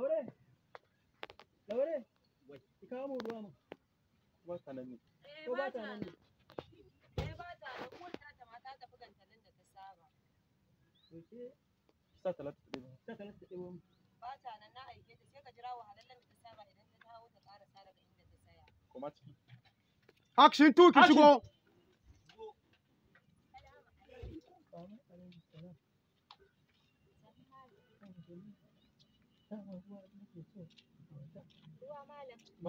Laure? Laure? Ki kawo mu ruwa mu. Eh, ba ta nan ne. Ko ba ta nan? Eh ba ta nan. Ko ta ta mata ta bugan ta nan da ta saba. Oke. Sa talatu ta ɗebo. Sa talatu ta ɗebo. Ba ta nan na aike ta sai ka jira wa wahalallan da ta saba idan ta dawo ta ƙarasa daga inda ta tsaya. Koma ciki. Action 2 ki shigo. Assalamu alaikum. Ba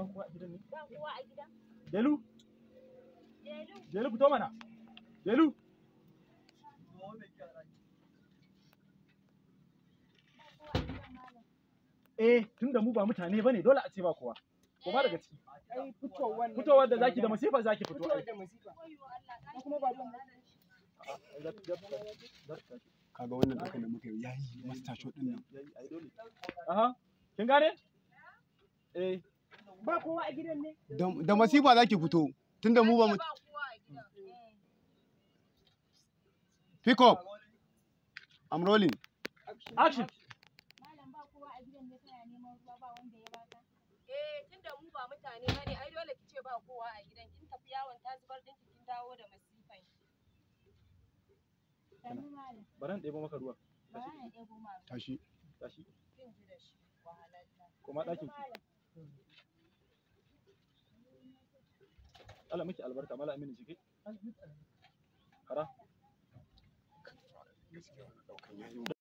kowa a fito mana. Delu? Eh, tunda mu ba mutane bane dole a ce ba kowa. Kuma daga ciki. Fitowar da zaki da masifa zaki fito. Fitowar da masifa. Kuma ba ban Kaga wannan duka da muka yi yayi master shot din nan. Aha. Kin gane? Eh. Ba kowa a gidan ne? Da masifa za ki fito, tunda mu ba mu... Eh. Pick up. I'm rolling. Action. Malam ba kowa a gidan ne kana neman ruwa ba wanda ya baka. Eh, tunda mu ba mutane bane, ai dole kice ba kowa a gidan. Kin tafi yawon ta zubar kin dawo da ɗebo maka ruwa. Tashi. Tashi. Kuma ɗakin Allah miki albarka mala aminu jike. Kara.